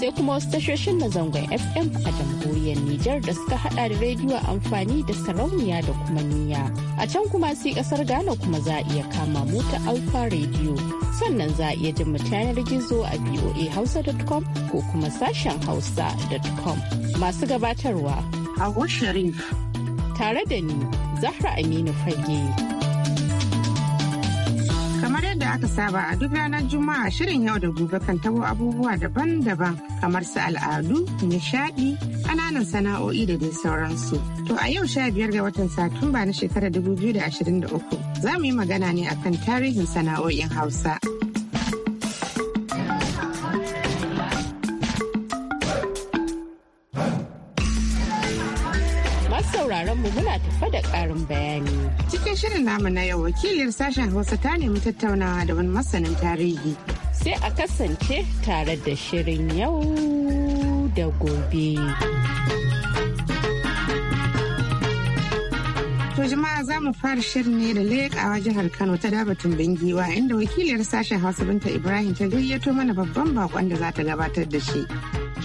sai kuma wasu tashoshin na zangon FM a jamhuriyar Nijar da suka hada da rediyo amfani da sarauniya da kuma niya. A can kuma sai kasar Ghana kuma za a iya kama mu Alfa rediyo Sannan za a iya jin mu yanar gizo a voahausa.com ko kuma sashen hausa.com. Masu gabatarwa. A Sharif. Tare da ni, Zahra Aminu Fage. yadda aka saba a duk ranar Juma'a shirin yau da gobe kan tabo abubuwa daban-daban kamar su al'adu, nishadi, ƙananan sana'o'i da dai sauransu. To a yau sha biyar ga watan Satumba na shekarar 2023 za mu yi magana ne akan tarihin sana'o'in Hausa. tafa da ƙarin bayani. Cikin shirin namu na yau wakilin sashen Hausa ta nemi tattaunawa da wani masanin tarihi. Sai a kasance tare da shirin yau da gobe. To jama'a za mu fara shirin ne da leƙawa jihar Kano ta dabatun bingiwa inda wakiliyar sashen Hausa Binta Ibrahim ta gayyato mana babban bakon da za ta gabatar da shi.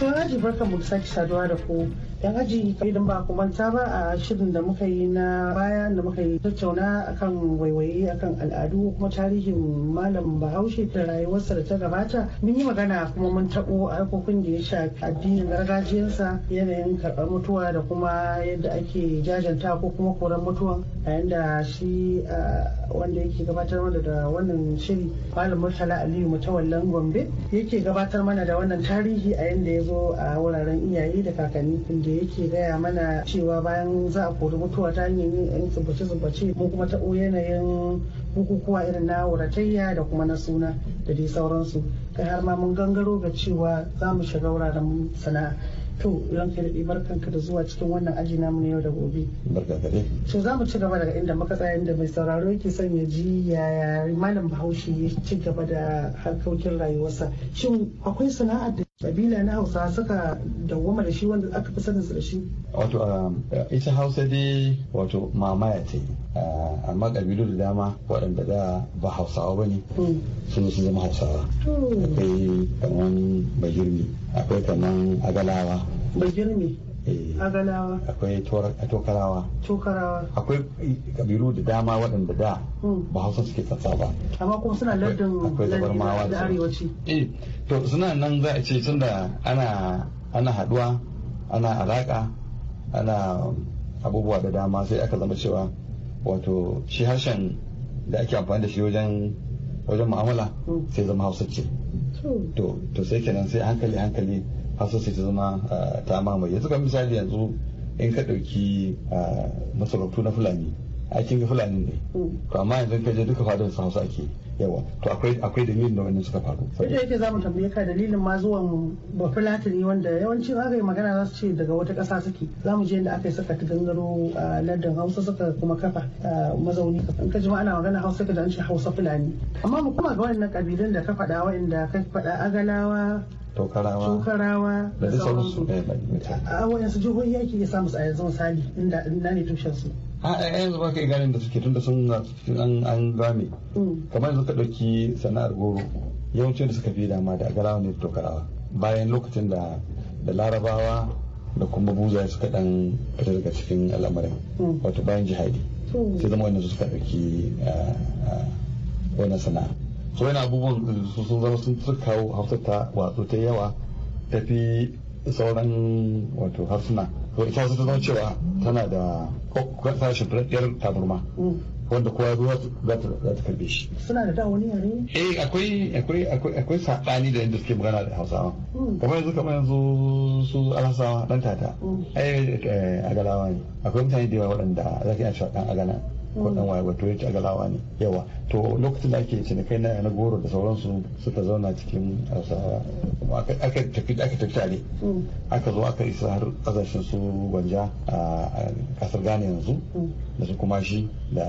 to haji barka mu sake saduwa da ku. Yan haji idan ba ku manta ba a shirin da muka yi na baya da muka yi tattauna akan waiwaye akan al'adu kuma tarihin malam bahaushe da rayuwarsa da ta gabata. Mun yi magana kuma mun taɓo harkokin da ya shafi addinin gargajiyarsa yanayin karɓar mutuwa da kuma yadda ake jajanta ko kuma koran mutuwan yayin da shi wanda yake gabatar mana da wannan shiri malam Murtala Aliyu Mutawallan Gombe yake gabatar mana da wannan tarihi a yanda ya zo zo a wuraren iyaye da kakanni inda yake gaya mana cewa bayan za a kori mutuwa ta hanyar yin yan zubace zubace ko kuma ta yanayin bukukuwa irin na wuratayya da kuma na suna da dai sauransu kai har ma mun gangaro ga cewa za mu shiga wuraren sana'a to ran ka daɗi barkanka da zuwa cikin wannan aji namu na yau da gobe. To za mu ci gaba daga inda muka tsaya inda mai sauraro yake son ya ji yaya malam bahaushe ya ci gaba da harkokin rayuwarsa. Shin akwai sana'a da kabila na hausa suka dawwama da shi wanda aka fi sanin su da shi wato eh, ita hausa dai wato mamaya ce, yi eh, amma kabilu da dama waɗanda da ba hausawa ba ne hmm. sun sun zama hausawa hmm. akwai kamar bagirmi akwai kamar agalawa bagirmi Eh, agalawa akwai tokarawa tokarawa akwai kabilu da dama waɗanda da hmm. ba hausa suke tsatsa ba amma kuma suna lardin akwai zabarmawa da arewaci eh, to suna nan za a ce tunda ana ana haduwa ana alaƙa ana abubuwa da dama sai aka zama cewa wato shi harshen da ake amfani da shi wajen wajen mu'amala hmm. sai zama hausa ce to sai kenan sai hankali hankali hasashe ta zama ta mamaye suka misali yanzu in ka ɗauki masarautu na fulani a ga fulani ne to amma yanzu ka je duka fadar su hausa ake yawa to akwai akwai dalilin da wannan suka faru sai da yake zamu tambaye ka dalilin ma zuwan bafulatani wanda yawanci aka yi magana za su ce daga wata ƙasa suke zamu je inda aka yi saka gangaro a lardin hausa suka kuma kafa mazauni in ka jima ana magana hausa ka da an ce hausa fulani amma mu kuma ga wannan kabilun da ka faɗa inda ka faɗa agalawa tokarawa tokarawa da sauransu a wayansu jihohi yake ya samu a yanzu misali inda na ne tushen su a yanzu ba kai ganin da suke tunda sun an an game mm. kamar yanzu ka ɗauki sana'ar goro yawancin da suka fi dama da agarawa ne da tokarawa bayan lokacin da da larabawa da kuma buzaye suka dan fita daga cikin al'amarin mm. wato bayan jihadi sai zama su suka ɗauki eh, eh, wannan sana'a so yana abubuwan eh, su sun zama sun kawo hausa ta wato ta yawa tafi sauran wato harsuna to ita wasu ta zama cewa tana da kasashen fadaddiyar tabarma mm. wanda kowa zuwa za ta karbe shi suna da dawani yare eh akwai akwai akwai akwai sabani da yadda suke magana da hausawa mm. kamar yanzu kamar yanzu su alhassawa dan tata mm. ai eh, agalawa ne akwai mutane da yawa waɗanda za ka iya cewa dan agana ko dan waye wato ci agalawa ne yawa to lokacin da ake cinikai na na goro da sauransu suka zauna cikin aka tafi aka tafi tare mm. aka zo aka isa har kasashen su gwanja a kasar gane yanzu mm. da su kuma shi da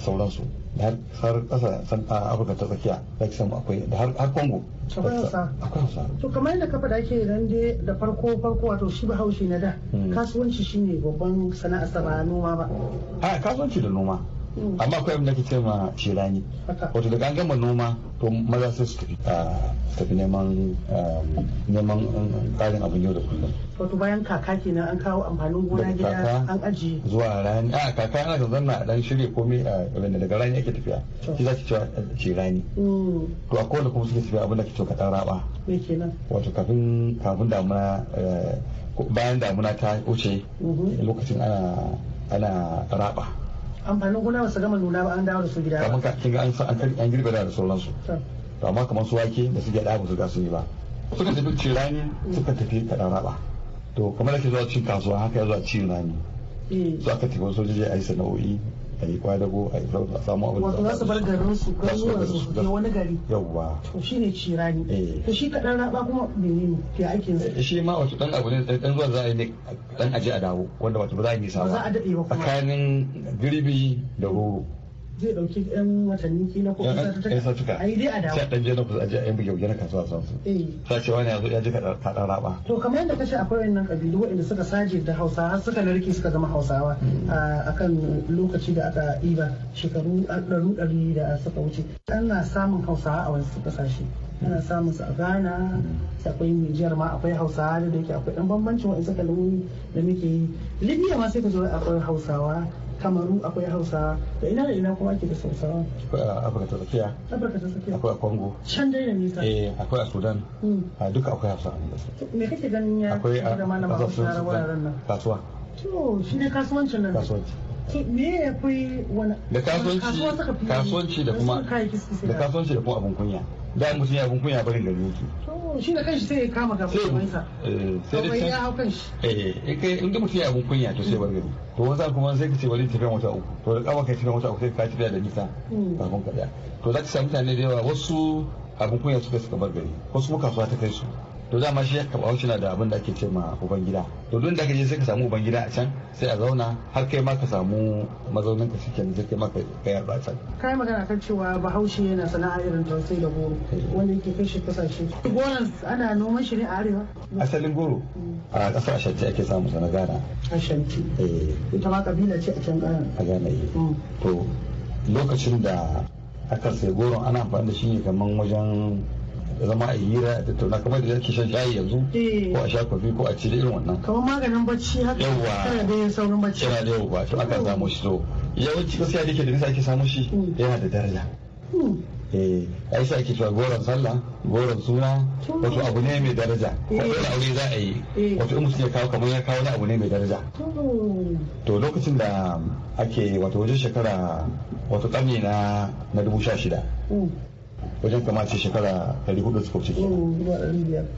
sauransu har kasa a afirka ta tsakiya da samu akwai da har congo akwai hausa to kamar yadda kafa da ake nan dai da farko farko wato shi bahaushe na da mm. kasuwanci shine babban sana'a sa ba noma ba a kasuwanci da noma Hmm. amma akwai abin da ake ce ma shirani wato daga an gama noma to maza sai su tafi ah, tafi neman ah, neman ah, karin abin yau da kullum wato bayan kaka ke nan an kawo amfanin gona gida an aji zuwa rani a kaka ana da zanna dan shirye komai a wanda daga rani ake tafiya shi za ki cewa rani. Hmm. to a kowane kuma suke tafiya abin da cewa kaɗan raba me kenan wato kafin kafin damuna eh, bayan damuna ta wuce mhm. lokacin ana ana raba amfanin gona ba su gama nuna ba an dawo da su gida kamar ka kinga an an girbe da sauransu to amma kamar su wake da su gyada ba su gasu su yi ba suka tafi ci rani suka tafi kaɗan raba to kamar da ke zuwa cin kasuwa haka ya zuwa ci rani eh. su aka tafi sojoji a yi sana'o'i a yi kwadago a yi a samu abin da za su bar garin su kan garuruwan su da wani gari yawwa to shi shine cirani eh. to shi kadan raba kuma mene ne ke ake sa eh, shi ma wato dan abu ne dan zuwa za a yi ne dan aje a dawo wanda wato ba za a yi nisa ba za a ba kuma tsakanin girbi da roro zai dauki yan watanni kila ko kusa ai dai a dawo sai dan je na a je yan buge na kasuwa san su eh. sai cewa ne yazo ya je ka kadan raba to kamar yadda kace akwai wannan kabilu waɗanda suka saje da Hausa har suka narke suka zama Hausawa hmm. akan lokaci da aka iba shekaru ɗaru ɗari da suka wuce ana samun Hausawa a wasu kasashe ana samun su a Ghana hmm. akwai Nijar ma akwai Hausawa da yake akwai dan bambancin wa'in suka da muke Libya ma sai ka zo akwai Hausawa kamaru akwai hausa da ina da ina kuma ake da sausawa akwai a afirka ta tsakiya afirka ta tsakiya akwai a kongo can dai da nisa eh akwai a sudan hmm. a duka akwai hausa me kake ganin ya akwai a kasuwa to shi ne kasuwancin nan kasuwanci ne ya fi wani da kasuwanci kasuwanci da kuma da kasuwanci da kuma abun kunya da mutum ya abun kunya barin gari yake to shi da kanshi sai ya kama kasuwancinsa sai eh, da ya hau kanshi eh kai in da mutum ya abin kunya to sai bar gari to wani kuma sai ka ce bari tafiya wata uku to da kama kai tafiya wata uku sai ka tafiya da nisa hmm. kafin ka to za ka samu mutane da yawa wasu abun kunya suka suka bar gari wasu kuma kasuwa ta kai su to dama shi ya kaba na da abin da ake ce ma uban gida to duk da ka je sai ka samu uban gida a can sai a zauna har kai ma ka samu mazaunin ka shike sai kai ma ka kai ba can kai magana kan cewa bahaushe yana sana'a irin tausayi da goro wanda yake kai shi kasashe goron ana noman shi ne a arewa asalin goro a kasar ashanti ake samu sana gana ashanti eh ita ma kabila ce a can gana a gana eh mm. to lokacin da aka sai goron ana amfani da shi ne kamar wajen zama a hira da tattauna kamar da yake shan shayi yanzu ko eh. a sha kofi ko a ci da irin wannan kamar maganin bacci haka yawa da yin saurin bacci yana da yawa to aka samu shi to yawanci gaskiya da ke da nisa ake samu shi hmm. yana da daraja hmm. eh ai sa ake cewa goron sallah goron suna wato abu ne mai daraja ko da eh. aure za a yi eh. wato in musu ya kawo kamar ya kawo na abu ne mai daraja hmm. to lokacin da ake wato wajen shekara wato karni na na dubu sha shida wajen kamata shekara 400 suka wuce kenan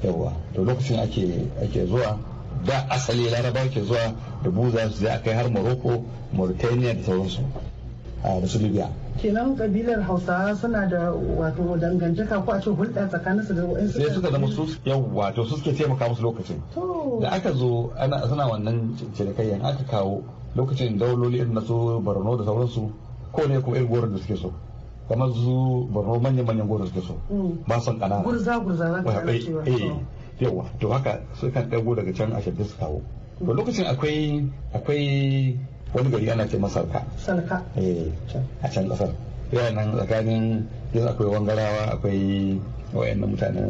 yawa to lokacin ake zuwa da asali laraba ke zuwa da buza su zai kai har morocco mauritania da sauransu da su libya kenan kabilar hausawa suna da wato dangantaka ko a ce hulɗa tsakanin su da wa'in sai suka zama su yawa to su suke taimaka musu lokacin da aka zo ana suna wannan cinikayyar aka kawo lokacin dauloli irin na su barno da sauransu ko ne kuma irin goron da suke so kamar zu borno manyan manyan goro da mm. su ba son kanana gurza gurza za ka cewa eh yawa eh, to haka ka dago daga can a shaddi su kawo to lokacin akwai akwai wani gari ana ce masarka sarka eh a can ƙasar. yana nan tsakanin yin akwai wangarawa akwai wayannan mutanen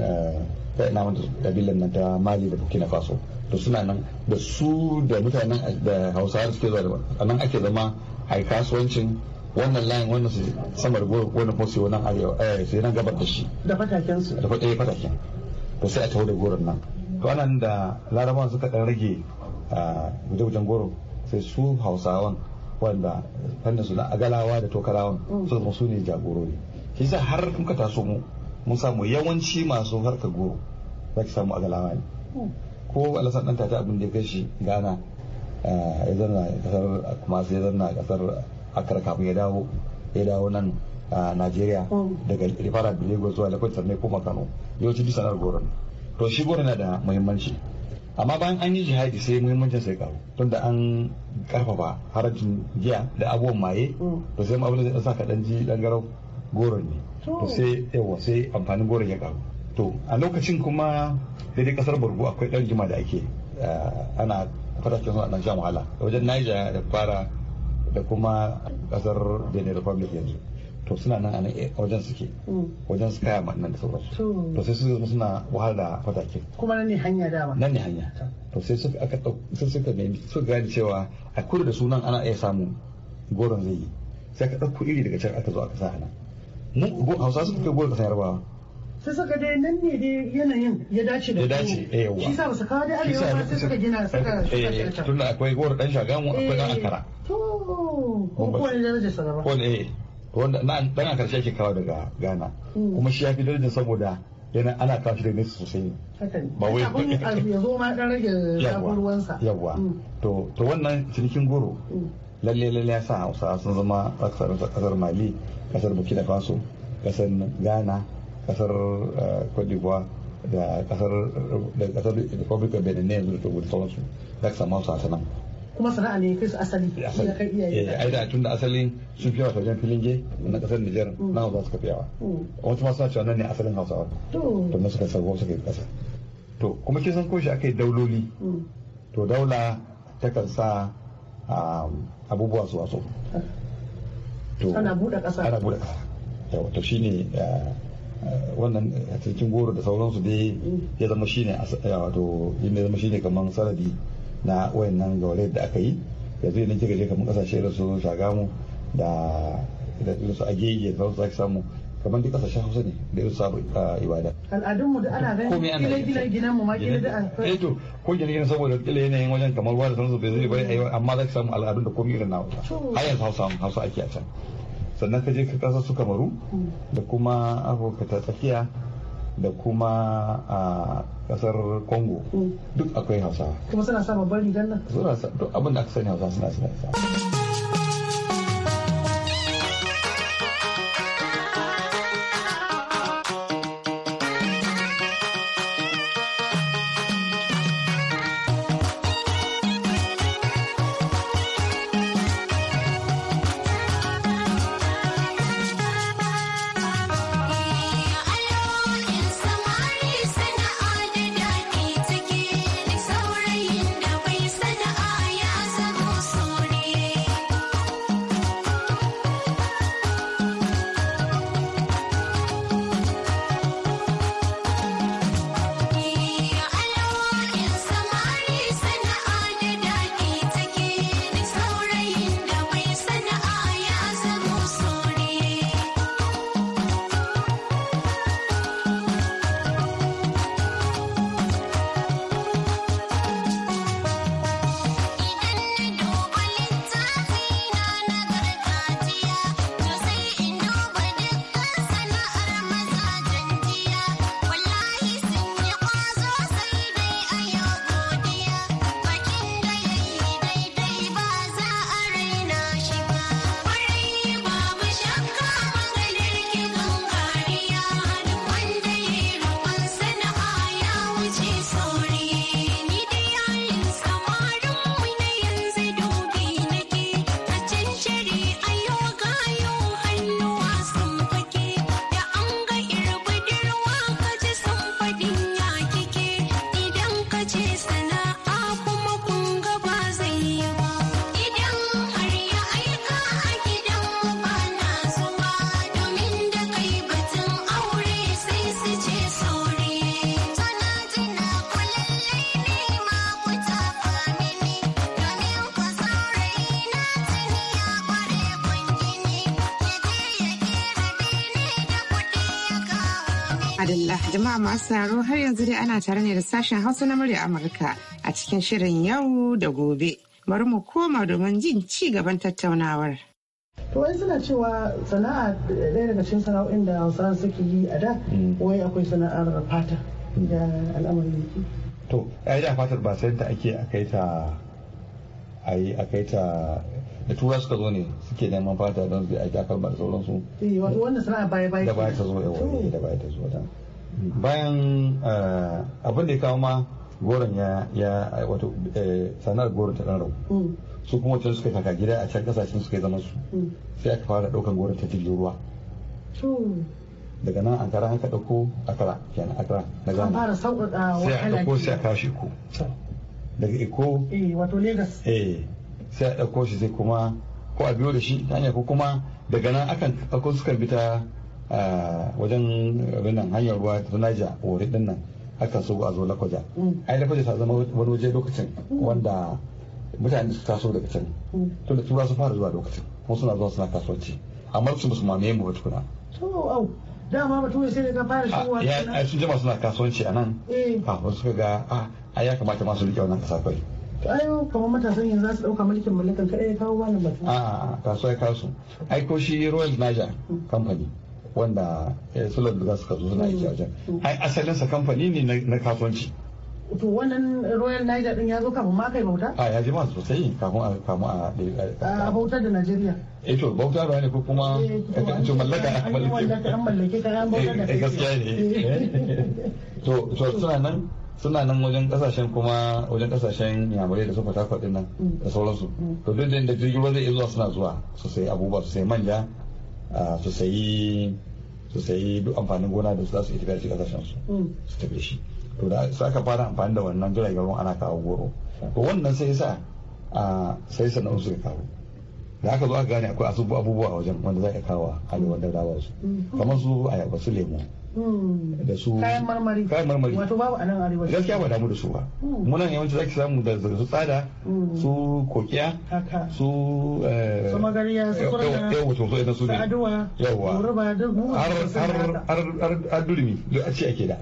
ta eh, ina wanda kabilan nan ta mali da burkina faso to suna nan da su da mutanen da hausawa suke zuwa a nan ake zama a kasuwancin wannan layin wannan su samar wannan fosi su wannan arewa eh su nan gabar da shi da fatakin su da eh, fataken fatakin to sai a tawo da goron nan to anan da larabawan suka ɗan rage a guje-gujen goro sai su hausawan wanda fannin su na agalawa da tokarawan mm. su zama su ne jagorori shi sa har muka taso mu mun samu yawanci masu harkar goro za ki samu agalawa ne mm. ko alasan dan tata abin da ya kai shi gana eh, ya zanna kasar masu ya zanna kasar akara kafin ya dawo ya dawo nan a najeriya oh. daga rifara da lagos zuwa lagos ne koma kano yawanci duk sanar goron to shi goron na da muhimmanci amma bayan an yi jihadi sai muhimmancin sai karu tunda an karfafa harajin giya da abubuwan maye oh. to sai abin da sa ka dan ji dan garau goron ne to oh. sai yawa sai amfanin goron ya karu to a lokacin kuma daidai kasar burgu akwai dan jima da ake ana fara kisan a dan wahala wajen naija da fara da kuma kasar benin republic yanzu to suna nan a nan eh, wajen suke mm. wajen su kaya nan da sauransu to sai su zama suna wahala da fatakin kuma nan ne hanya dama nan ne hanya to sai su aka sai suka nemi su gane cewa a kudu da sunan ana iya samu goron zai yi sai aka ɗauko iri daga can aka zo aka sa nan go hausa suka kai goron kasan yarbawa sai suka dai nan ne dai yanayin ya dace da ya dace eh yawa shi sa ba su kawo dai arewa sai suka gina suka eh, eh, tunda akwai goron dan shagamu akwai dan akara kowane darajar sa daban kowane wanda eh, dan karshe yake kawo daga Ghana hmm. kuma shi ya fi darajar saboda yana ana kawo shi daga nesa sosai ne ba wai ya zo ma dan rage ruwansa yawa hmm. to to wannan cinikin goro hmm. lalle lalle ya sa Hausawa sun zama kasar Mali kasar Burkina Faso kasar Ghana kasar eh, Cote d'Ivoire da kasar da kasar Republic of Benin ne yanzu da Togo da sauransu da kasar Hausa sanan kuma sana'a ne kai su asali da kai iyaye eh, ai da tun da asalin sun fi yawa ta wajen filinge na kasar Nijar mm. na Hausa suka fi yawa mm. wasu ma suna cewa nan ne asalin Hausawa to mun suka wasu suka yi kasa to kuma kin san ko shi akai dauloli mm. to daula kan sa um, abubuwa su waso ah. ana buɗe ƙasa ana buɗe ƙasa yawa to shine eh, eh, wannan cikin goro da sauransu dai ya zama shine wato ya zama shine kamar sanadi na wayannan gaure da aka yi yanzu idan kika je kamar kasashe da su shagamu da da su agege da su samu kamar duk kasashen hausa ne da yau sabu ibada al'adunmu da ana ganin gile gile ginen mu ma gile da an eh to ko gine gine saboda kila yanayin wajen kamar ruwa da su bai zai bari amma za ka samu al'adun da komai irin na hausa yanzu hausa hausa ake a can sannan ka je ka kasa su kamaru mm. da kuma afirka ta tsakiya da kuma a kasar congo mm. duk akwai hausa. kuma suna sa babban rigar nan suna sa duk abin da aka sani hausa suna suna sa Jama'a masu taro har yanzu dai ana tare ne da sashen Hausa na murya Amurka a cikin shirin yau da gobe. Bari mu koma domin jin ci gaban tattaunawar. to wai suna cewa sana'a ɗaya daga cikin sana'o'in da hausawa suke yi a da mm. wai akwai sana'ar fata mm. da al'amarin yake to ai da fatar ba sai ta ake a kai ta ai a kai ta da tura suka zo ne suke neman fata don su yi aiki akan ba da sauransu eh wato wannan sana'a baya baya eh, da baya ta zo yawa da baya ta zo dan bayan eh, abin da ya kawo ma goron ya ya wato eh, sanar goron ta ɗan mm. su kuma wacce suka kaka gida a can kasashen suka yi zaman su mm. sai aka fara ɗaukar goron ta jirgin ruwa daga nan kara haka dauko akara kenan akara na gana fara sauƙaƙa sai a ɗauko sai a kawo shi ko daga iko eh wato lagos eh sai a ɗauko shi sai kuma ko a biyo da shi ta hanya ko kuma daga nan akan ɗauko suka bi ta a ah, wajen abin hanyar ruwa ta naija wuri din nan akan su a zo lakwaja mm. a yi lakwaja ta zama wani waje lokacin mm. wanda mutane su taso daga can mm. to da tura su fara zuwa lokacin kuma suna zuwa suna kasuwanci amma su musu mamaye mu wata kuna. dama mutum sai daga fara shigowa ah, ya sun jama suna kasuwanci a nan eh. a ah, wasu ga a ya kamata masu riƙe wannan kasa kai ayo kamar matasan yanzu za su ɗauka mulkin mallakan kaɗai ya kawo wannan batu a kasuwa ya kasu aiko shi royal niger company. wanda eh, sulan da za su kazo suna aiki a wajen mm. ai asalinsa kamfani ne na kasuwanci to wannan royal niger din ya zo kafin ma kai bauta a ya ma sosai kafin a kamu a a bautar da najeriya eh to bauta ba ne ko kuma eh, ci mallaka a mallake an mallake ka an eh, bautar da gaskiya ne to to suna nan suna nan wajen kasashen kuma wajen kasashen yamurai da suka takwa din nan mm. da sauransu mm. to duk da jirgin ruwa zai iya zuwa suna zuwa sosai abubuwa sosai manja Ah, su sayi duk amfanin gona da su za su yi tafiya cikin kasashen su mm. su tafi shi to da su aka fara amfani da wannan jiragen ruwan ana kawo goro to wannan sai sa ah, sai na suka kawo da aka zo aka gane akwai abubuwa wajen wanda za ka kawo a wanda za su mm. kamar su ayaba su lemu Hmm. da su kayan marmari kayan marmari wato babu a nan arewaci gaskiya ba damu da su ba hmm. muna yawanci zaki samu da su tsada hmm. su kokiya su eh, su magariya su kurana yawa to sai na su ne aduwa yawa ruba da har har har har durmi duk a ce ake da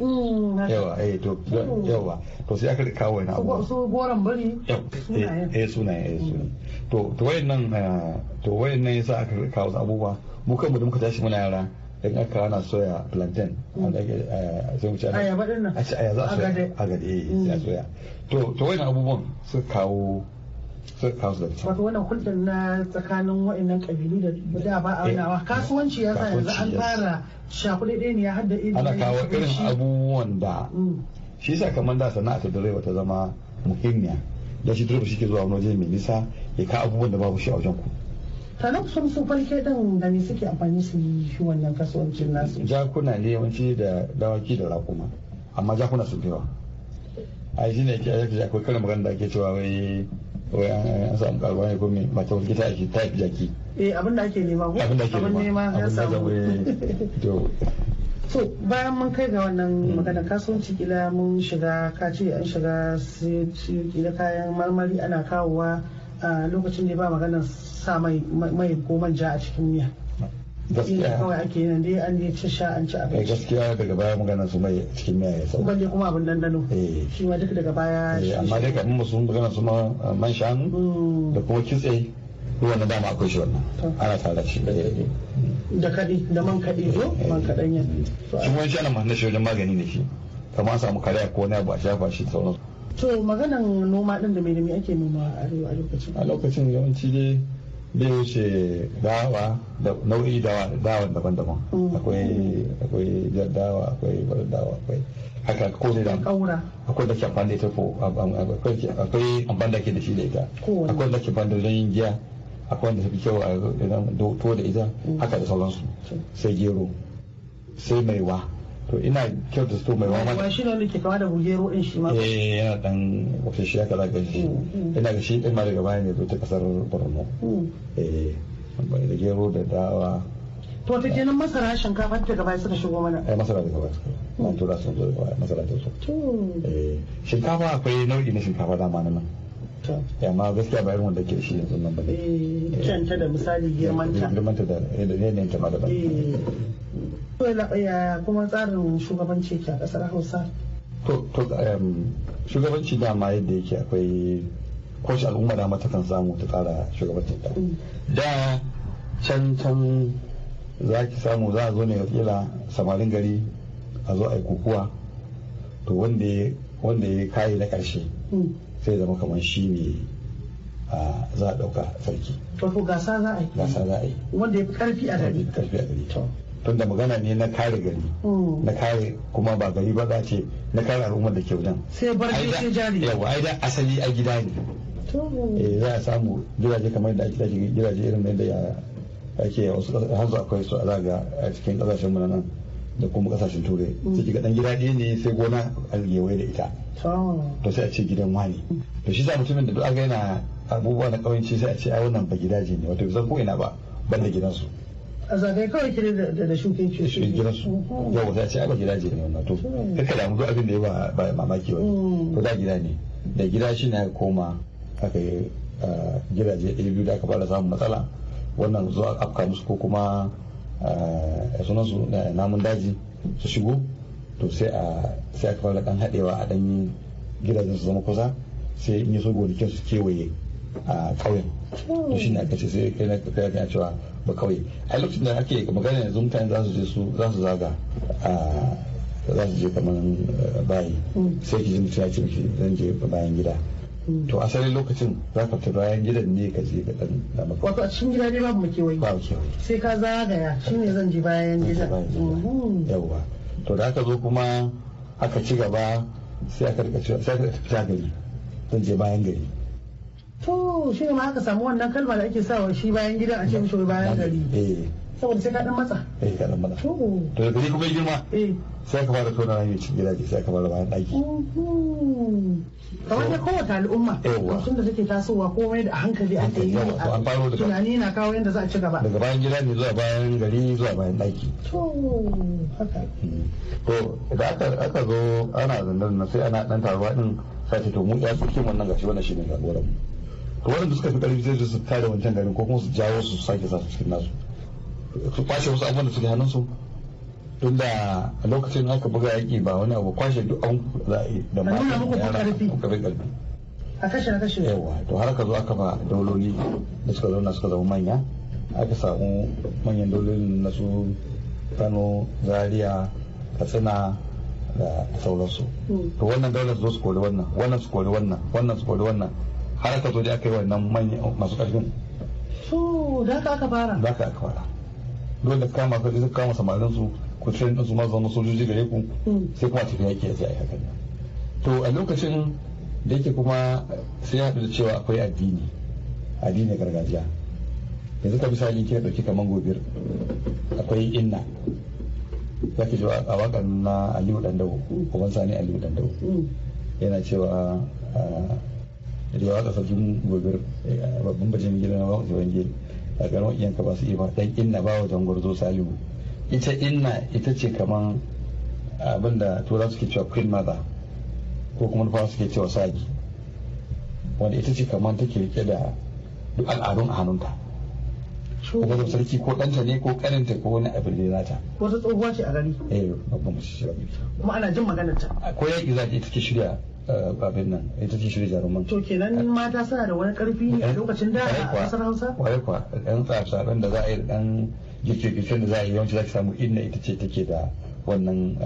yawa eh to yawa to sai aka kawo wani abu su goran bari eh sunaye eh sunaye eh, to to wayannan eh, to wayannan yasa aka kawo abubuwa mu kanmu da muka tashi muna yara in aka ana soya plantain eh, sai mu ci ayaba din nan a ci a soya agade ya eh, mm. a soya to to wani abubuwan su kawo su kawo su da wato wannan hulɗar na tsakanin wa'annan ƙabilu da da ba a eh, nawa kasuwanci ya sa yanzu an fara shakuɗe ne ya hadda irin ana kawo irin abubuwan da mm. shi yasa kamar da sana'a ta dare ta zama muhimmiya da shi direba shi ke zuwa wani waje mai nisa ya ka abubuwan da babu shi a wajen ku sannan kusan su falke din da me suke amfani su yi wannan kasuwancin nasu jakuna ne yawanci da dawaki da rakuma amma jakuna sun fi yawa a shi ne ke aiki akwai karin magana da ake cewa wai wai an samu karuwa ne ko mai mace gita a ake ta fi jaki eh abin da ake nema ko abin da ake nema ya samu eh, to so bayan mun kai ga wannan hmm. magana kasuwanci kila mun shiga kace an shiga sai kila kayan marmari ana kawowa a lokacin da ba maganar sa mai ko manja a cikin miya gaskiya kawai ake dai an ci sha an ci abinci eh, gaskiya daga baya magana su mai cikin miya ya sauka balle kuma abin dandano eh. shi ma duk daga baya eh, shi amma daga mun musu magana su man shanu mm. da kuma kitse ruwan na dama akwai shi wannan ana tare shi da yake da kadi da man kadi ko man kadan ya shi wani shi ana mahna shi wajen magani ne shi kamar an samu kariya ko wani abu a shafa shi sauransu to maganan noma din da mai ake noma a arewa a lokacin a lokacin yawanci dai da ya ce dawa da nau'i dawa dawa daban-daban mm. akwai akwai jar dawa akwai bar dawa akwai haka ko ne da akwai da ke amfani da ita ko akwai amfani da ke da shi da ita akwai da ke amfani da yin giya akwai da tafi kyau a to da ita mm. haka da sauransu sai gero sai maiwa to ina kyautar su mai mamata shi ne wani kama da gujero din shi ma eh yana dan wata shi ya kala shi ina ga shi din ma daga baya ne zo ta kasar Borno mm. eh da gero da dawa to ta nan masara shinkafa daga baya suka shigo mana eh masara daga baya suka ma tura sun zo daga baya masara ta zo to eh shinkafa akwai nau'i na shinkafa ma nan ya eh, ma gaskiya bayan wanda ke shi yanzu nan ba ne eh, kyanta da misali girmanta eh, girmanta da yanayin ta ma da ba Eh, kuma tsarin shugabanci ke a ƙasar Hausa? To, shugabanci dama yadda yake akwai kowace al'umma dama kan samu ta tsara shugabancinta. Mm. Da can can za ki samu za a zo ne watakila samarin gari a zo a yi kukuwa to wanda ya kayi na ƙarshe mm. sai zama kamar shi ne za a ɗauka sarki. Wato gasa za a yi. za a yi. Wanda ya fi ƙarfi a gari. Wanda ya fi ƙarfi a gari. tunda magana ne na kare gari hmm. na kare kuma ba gari ba za ce na kare al'ummar da ke wajen sai bar sai jari yawa ai da asali a gida ne eh za a samu gidaje kamar da ake tashi gidaje irin da ya ake wasu hanzu akwai su a zaga a cikin kasashen mu nan da kuma kasashen turai hmm. sai kiga dan gida ɗaya ne sai gona algewaye da ita to sai a ce gidan wani to shi za mutumin da duk aga yana abubuwa na kauyanci sai a ce ai wannan ba gidaje ne wato bai san ko ina ba ban da gidansu a zagaye kawai kire da shukin ke shi gidan su yau ce ai ba ne wannan to kaka da mu abin da ya ba mamaki wani mm. to da gida ne da gida shi na koma aka yi gidaje ɗaya biyu da aka fara samun matsala wannan zuwa afka musu ko kuma sunan su eh, namun daji su shigo to sai a sai aka ɗan haɗewa a ɗanyi gidajen su zama kusa sai in yi so gonakin su kewaye a ƙauyen to shi ne aka ce sai kai na kai na cewa ba kawai a lokacin da ake magana yanzu mutane za su je su za su zaga a za su je kamar eh, bayi sai ki ji mutum ya ce miki zan je bayan gida to asalin lokacin za ka fita bayan gidan ne ka je ka dan dama wato a cikin gida ne babu makewayi babu kewayi sai ka zagaya shi ne zan je bayan gida mhm. yawwa to da aka zo kuma aka ci gaba sai aka rika sai aka fita gari zan je bayan gari to shi ne ma aka samu wannan kalma da ake sawa shi bayan gidan a ce mishi bayan gari eh. saboda sai ka dan matsa eh ka dan matsa to da gari kuma girma eh sai ka fara tona hanyar cikin gidaje sai ka fara bayan daki kamar da kowace al'umma tun da take tasowa komai da hankali ake yi a tunani na kawo yadda za a ci gaba daga bayan gida ne zuwa bayan gari zuwa bayan daki to haka hmm. to da aka zo ana zandar na sai ana dan taruwa din sai to mu ya suke wannan gashi wannan shine gabuwar mu to waɗanda suka fi ƙarfi zai su da wancan garin ko kuma su jawo su sake sa su cikin nasu su kwashe wasu abubuwan da suke su tun da a lokacin aka buga yaƙi ba wani abu kwashe duk an za a yi da mata da yara ƙarfi a kashe a kashe yawa to har ka zo aka ba dauloli da suka zauna suka zama manya aka samu manyan daulolin na su kano zaria katsina da sauransu hmm. to wannan daular zo su kori wannan wannan su kori wannan wannan su kori wannan har ka zo da aka yi wannan manyan masu ƙarfin su da ka aka fara da ka aka fara dole kama ka isa kama samarin su ku tren din su ma zama sojoji gare ku hmm. sai kuma tafiya ke yaji a hakan to a lokacin da yake kuma sai ya da cewa akwai addini addini gargajiya yanzu ka misali kira ɗauki kamar gobir akwai inna ya ke cewa a wakar na aliyu danda'u kuma sani aliyu danda'u hmm. yana cewa ah, da waka sarkin gobir eh, babban bajin gida na wakon jibange a garin iyanka ba su iya ba dan inna ba wajen gurzo salihu ita inna ita ce kaman abin da tura suke cewa queen mother ko kuma nufa suke cewa sagi wanda ita ce kaman take rike da duk al'adun a hannunta ko gado sarki ko ɗanta ne ko ƙaninta ko wani abin da ko wata tsohuwa ce a gari eh babban mace ce kuma ana jin maganar ta ko ya za zaki take shirya babin eh, nan ita ce shirya jaruman to kenan eh. mata suna da wani karfi ne a eh, lokacin da a ƙasar Hausa kwarai kwa ɗan tsafsafen da za a yi ɗan girke-girken da za a yi yawanci za ki samu inda ita ce take da wannan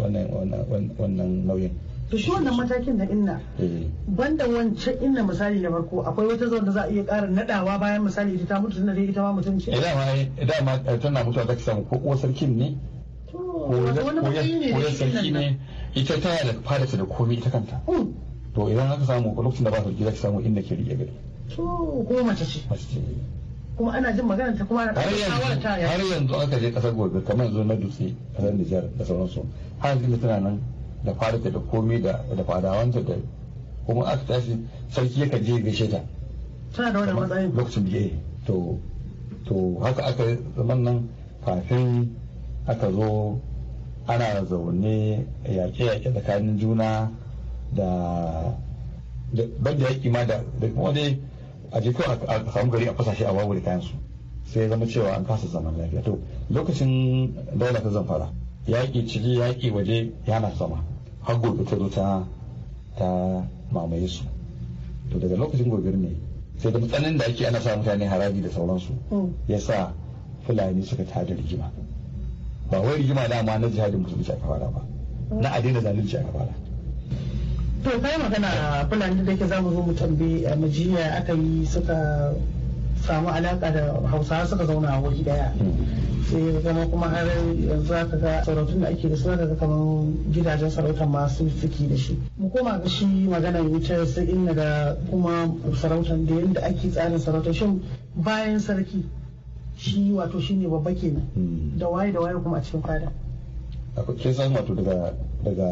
wannan wannan nauyin to shi wannan matakin na inna mm. banda wancan inna misali na farko akwai wata zuwa da za a iya ƙara nadawa bayan misali ita ta mutu tunda dai ita ma mutum ce eh, idan ma tana mutuwa ta samu ko kuwa sarkin ne ko ya sarki ne ita ta da fadarta da komai ita kanta mm. to idan aka samu lokacin da ba su gida ki samu inda ke riƙe gari to ko mace ce kuma ana jin magana ta kuma har yanzu har yanzu aka je kasar gobe kamar yanzu na dutse kasar Nijar da sauransu har yanzu tana nan da fara da komai da da fadawanta da kuma aka tashi sarki yaka je gaishe ta tana da wannan matsayin lokacin da to to haka aka zaman nan kafin aka zo ana zaune yaƙe-yaƙe tsakanin juna da ban da yaƙi ma da kuma dai a je a samu gari a fasashe a wawo kayansu sai zama cewa an kasa zaman lafiya to lokacin daular ta zamfara yaƙi ciki yaƙi waje yana sama har gobe ta zo ta ta mamaye su to daga lokacin gobe ne sai da matsalin da ake ana sa mutane haraji da sauransu mm. ya sa fulani suka tada rigima ba wai rigima dama na jihadin musulunci aka fara ba mm. na a daina zalunci aka fara to kai magana fulani da ke zamu mu zo mu tambayi a eh, majiya aka yi suka samu alaka da hausawa suka zauna a wuri daya sai zama kuma har yanzu ka ga sarautun da ake da suna daga kamar gidajen sarautar masu ciki da shi mu koma ga shi maganar wuta sai inda da kuma sarautar da yadda ake tsarin sarautar shin bayan sarki shi wato shine babba kenan da waye da waye kuma a cikin fada akwai kin san wato daga daga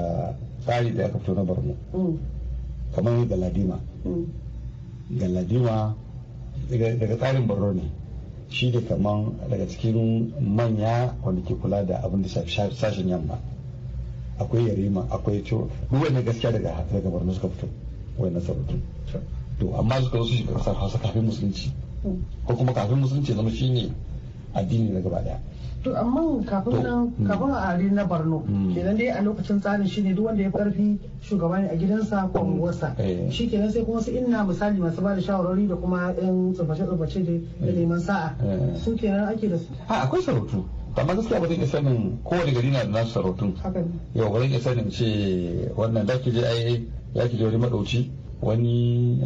tsari da aka fito na barno mm. kamar galadima mm. galadima daga tsarin borno ne shi ne kaman daga cikin manya wanda ke kula da abin da sashen yamma akwai yarima akwai to duk wannan gaskiya daga daga borno suka fito na sabatun to amma suka su shiga kasar hausa kafin musulunci mm. ko kuma kafin musulunci zama shi ne addini na gaba daya to amma kafin nan mm. kafin a ari na barno mm. kenan dai a lokacin tsarin shine duk wanda ya karfi shugaba ne a gidansa ko mm. unguwarsa eh. shi kenan sai kuma su inna misali masu ba da shawarwari da kuma yan tsofaffe tsofaffe da eh. neman sa'a eh. su kenan ake da su a akwai sarautu amma gaskiya ba zan iya sanin kowane gari na da nasu sarautun yau ba zan iya sanin ce wannan da je ai ya ki je wani madauci wani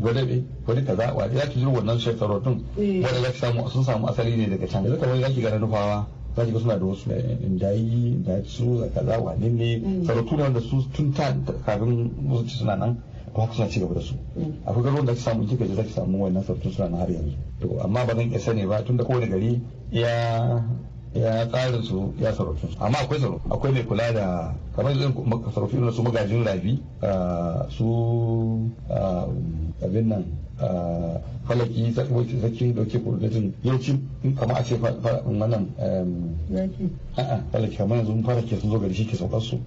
gwadabe eh, wani kaza wa ya ki wannan shekaru tun eh. wani za samu sun samu asali ne daga can yanzu wani za ki ga nufawa za ki ga suna da wasu eh, dayi da su da a wane ne mm. sarautu ne wanda su tun ta kafin musulci suna nan ko haka suna cigaba da su mm. akwai garuruwan da ki samu kika ji za ki samu wannan sarautu suna nan har yanzu to amma ba zan iya sani ba tun da kowane gari ya ya tsarin su ya sarrafin su amma akwai tsaro akwai mai kula da kamar irin sarrafi su magajin rabi su abin nan falaki sakin dauke kurgatin yawanci kamar a ce wannan falaki kamar yanzu fara ke sun zo gari shi ke saukar su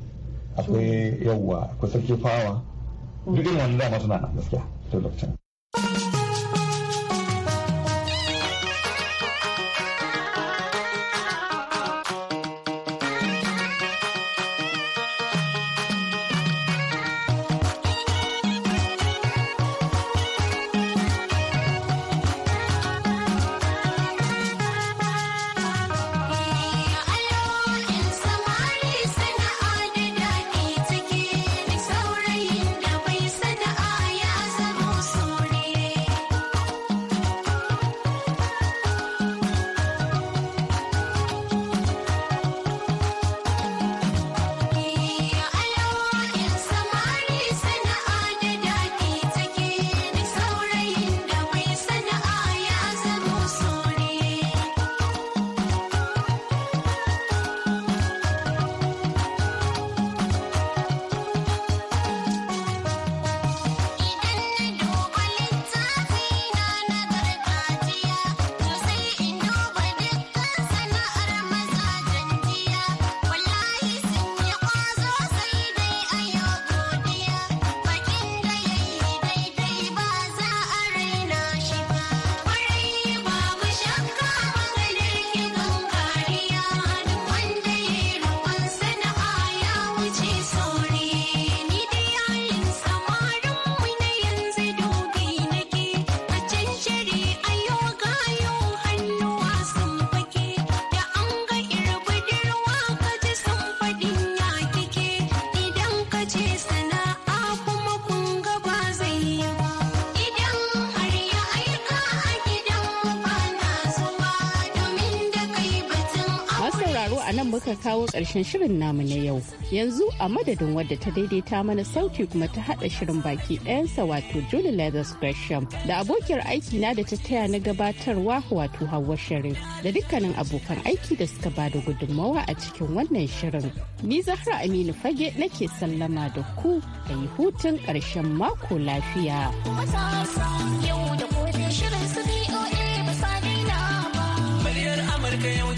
akwai yawwa akwai sarki fawa duk irin wannan dama suna gaskiya to lokacin muka kawo ƙarshen shirin namu na yau. Yanzu a madadin wadda ta daidaita mana sauti kuma ta haɗa shirin baki ɗayansa wato Julie Leathers Gresham da abokiyar aiki na da ta taya na gabatarwa wato Hauwa Sharif da dukkanin abokan aiki da suka ba da gudunmawa a cikin wannan shirin. Ni Zahra Aminu Fage nake sallama da ku da yi hutun ƙarshen mako lafiya. yau da